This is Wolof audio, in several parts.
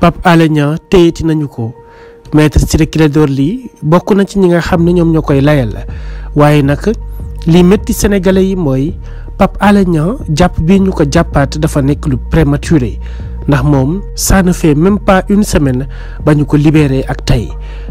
Pape Alé Niang téyeti nañu ko maître Ciré Clédor lii bokk na ci ñi nga xam ne ñoom ñoo koy layal waaye nag lii métti sénégalais yi mooy Pape Alé jàpp bii ñu ko jàppaat dafa nekk lu prématuré ndax moom ça ne fait même pas une semaine ba ñu ko libéré ak tey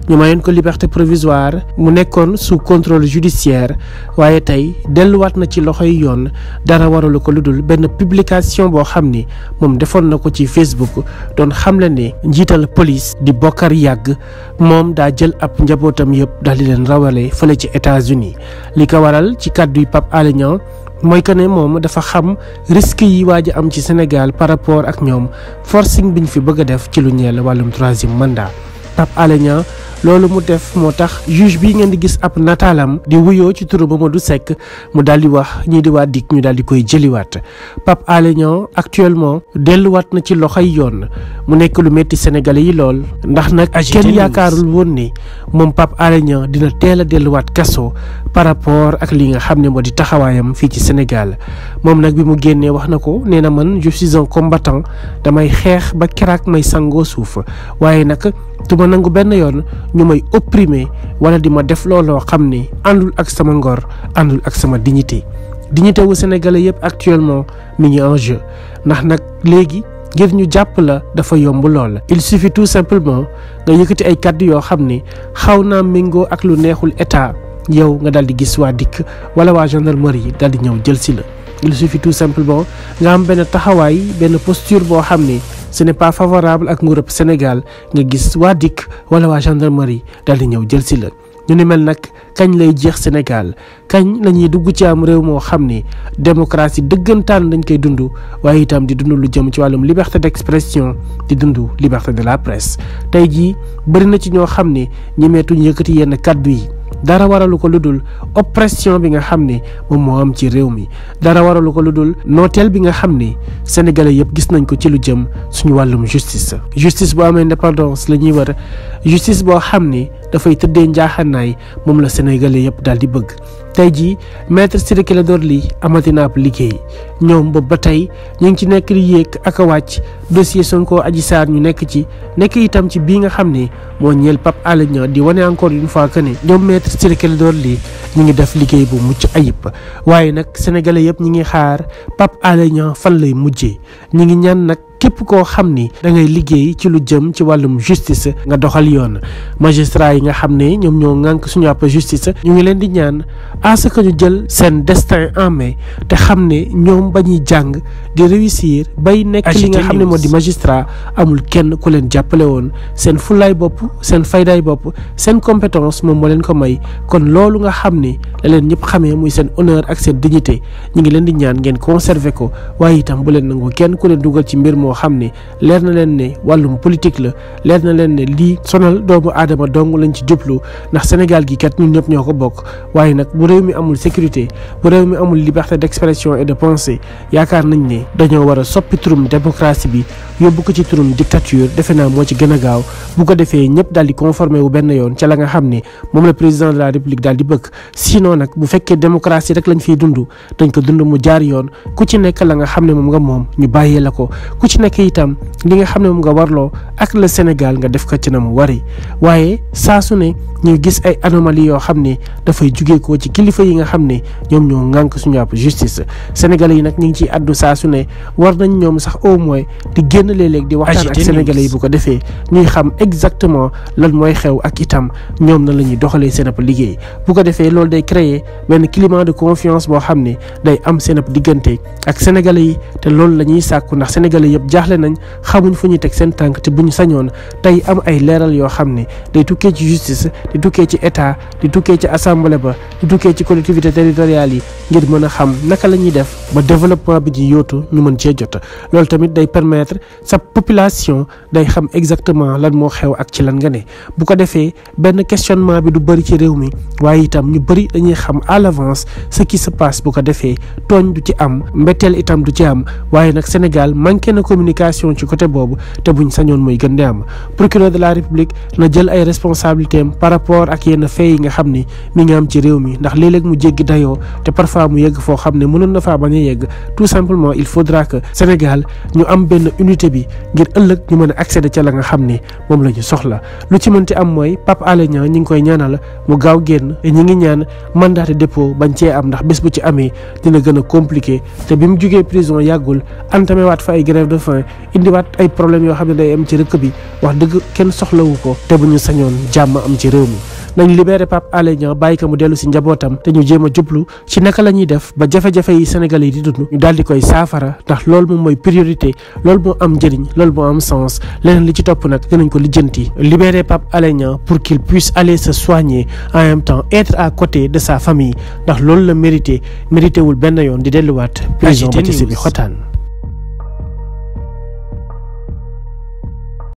ñu mayoon ko liberté provisoire mu nekkoon sous contrôle judiciaire waaye tey delluwaat na ci loxo yi yoon dara waralu ko lu dul benn publication boo xam ni moom defoon na ko ci Facebook doon xamle ne njiital police di bokkar Yàgg moom daa jël ab njabootam yëpp daal di leen rawale fële ci États-Unis li ko waral ci kàddu yi Pape Alé Niang mooy que ne moom dafa xam risque yi waaj a am ci Sénégal par rapport ak ñoom forcing ñu fi bëgg a def ci lu ñeel wàllum troisième daal Pape Alé loolu mu def moo tax juge bi ngeen di gis ab nataalam di wuyoo ci ma du sekk mu daal di wax ñii di waa DIC ñu daal di koy jëliwaat Pape Alé actuellement delluwaat na ci loxo yi yoon mu nekk lu metti Sénégalais yi lool ndax nag kenn yaakaarul woon ni moom Pape Alé dina teel a delluwaat kaso par rapport ak li nga xam ne moo di taxawaayam fii ci Sénégal moom nag bi mu génnee wax na ko nee na man je suis combattant damay xeex ba keroog may sangoo suuf du ma nangu benn yoon ñu may opprimer wala di ma def looloo xam ni àndul ak sama ngor àndul ak sama dignité dignité wu sénégalais yëpp actuellement mi ngi en ndax nag léegi ngir ñu jàpp la dafa yomb lool. il suffit tout simplement nga yëkkati ay kàddu yoo xam ni xaw naa méngoo ak lu neexul état yow nga daal di gis waa dikk wala waa gendarmerie yi daal di ñëw jël si la. il suffit tout simplement nga am benn taxawaay benn posture boo xam ni. ce n'est pas favorable ak nguurub Sénégal nga gis waa dikk wala waa gendarmerie daal di ñëw jël si la ñu ni mel nag kañ lay jeex Sénégal kañ lañuy dugg ci am réew moo xam ni démocratie dëggantaan dañ koy dund waaye itam di dund lu jëm ci wàllum liberté d'expression di dund liberté de la presse tey jii bëri na ci ñoo xam ni ñemeetuñ yëkkati yenn kàddu yi. dara waralu ko lu dul oppression bi nga xam ne moom moo am ci réew mi dara waralu ko lu dul nooteel bi nga xam ne sénégalais yëpp gis nañ ko ci lu jëm suñu wàllum justice. justice boo am indépendance la ñuy war justice boo xam ne dafay tëddee njaaxanaay moom la sénégalais yëpp daal di bëgg tey jii maître Ciré Clédor Ly amati na ab liggéey ñoom boobu ba tey ñu ngi ci nekk di yéeg ak a wàcc dossier Sonko Adji Sarr ñu nekk ci nekk itam ci bii nga xam ne moo ñeel Pape Alé di wane encore une fois que ne ñoom maître Ciré Clédor Ly ñu ngi def liggéey bu mucc ayib waaye nag sénégalais yëpp ñu ngi xaar Pape Alé fan lay mujjee ñi ngi ñaan nag képp koo xam ni da ngay liggéey ci lu jëm ci wàllum justice nga doxal yoon magistrat yi nga xam ne ñoom ñoo ŋànk suñu àpp justice ñu ngi leen di ñaan à que jël seen destin en main te xam ne ñoom ba jàng di réussir bay nekk li nga xam ne moo di magistrat amul kenn ku leen jàppale woon seen fulaay bopp seen faydaay bopp seen compétence moom moo leen ko may kon loolu nga xam ne la leen ñëpp xamee muy seen honneur ak seen dignité ñu ngi leen di ñaan ngeen conserver ko waaye itam bu leen nangu kenn ku leen dugal ci mbir moom woo xam ne leer na leen ne wàllum politique la leer na leen ne lii sonal doomu aadama dong lañ ci jublu ndax Sénégal gi kat ñun ñëpp ñoo ko bokk waaye nag bu réew mi amul sécurité bu réew mi amul liberté d'expression et de pensée yaakaar nañ ne dañoo war a soppi turum démocratie bi yóbbu ko ci turum dictature defe naa moo ci gën a gaaw bu ko defee ñëpp daal di conformé wu benn yoon ca la nga xam ne moom la président de la république daal di bëgg sinon nag bu fekkee démocratie rek lañ fiy dund dañ ko dund mu jaar yoon ku ci nekk la nga xam ne moom nga moom ñu bàyyee la ci nekk itam li nga xam ne moom nga war loo ak le Sénégal nga def ko ci na mu wari waaye saa su ne ñuy gis ay anomalie yoo xam ne dafay jugee koo ci kilifa yi nga xam ne ñoom ñoo ŋànk suñu àpp justice sénégalais yi nag ñu ngi ciy àddu saa su ne war nañ ñoom sax au moins di génn léeg-léeg di waxtaan ak sénégalais yi bu ko defee ñuy xam exactement lan mooy xew ak itam ñoom na la ñuy doxalee seen ab liggéey bu ko defee loolu day créer benn climat de confiance boo xam ne day am seen ab diggante ak sénégalais yi te loolu la ñuy sàkku ndax sénégalais yëpp jaaxle nañ xamuñ fa ñuy teg seen tànk te bu sañoon tey am ay leeral yoo xam ne day tukkee ci justice di tukkee ci état di tukkee ci assemblée ba di tukkee ci collectivité territoriale yi ngir mën a xam naka la ñuy def ba développement bi ji yootu ñu mën cee jot loolu tamit day permettre sa population day xam exactement lan moo xew ak ci lan nga ne bu ko defee benn questionnement bi du bëri ci réew mi waaye itam ñu bëri dañuy xam à l'avance ce qui se bu ko defee tooñ du ci am mbetteel itam du ci am waaye nag Sénégal communication ci côté boobu te buñ sañoon mooy gën di am procureur de la république na jël ay responsabilités am par rapport ak yenn fee nga xam ni mi ngi am ci réew mi ndax léeg mu jéggi dayoo te parfois mu yegg foo xam ne mënoon na faa bañ a yegg tout simplement il faudra que Sénégal ñu am benn unité bi ngir ëllëg ñu mën a accéder ca la nga xam ni moom la ñu soxla lu ci mënti am mooy Pape Alé Niang ñi ngi koy ñaanal mu gaaw génn ñi ngi ñaan ma de dépôt bañ cee am ndax bés bu ci amee dina gën a compliqué te bi mu fin indiwaat ay problèmes yoo xam ne day am ci rëkk bi wax dëgg kenn soxlawu ko te bu ñu sañoon jàmm am ci réew mi nañ libéré Pape Alé Niang bàyyi ko mu dellu si njabootam te ñu jéem a jublu ci naka la ñuy def ba jafe-jafe yi Sénégal yi di dund ñu daal di koy saafara ndax loolu moom mooy priorité loolu moo am njëriñ loolu moo am sens leneen li ci topp nag dinañ ko lijjanti libéré Pape Alé Niang pour qu'il puisse aller se soigner en même temps être à côté de sa famille la mérité mérité wul benn yoon di delluwaat prison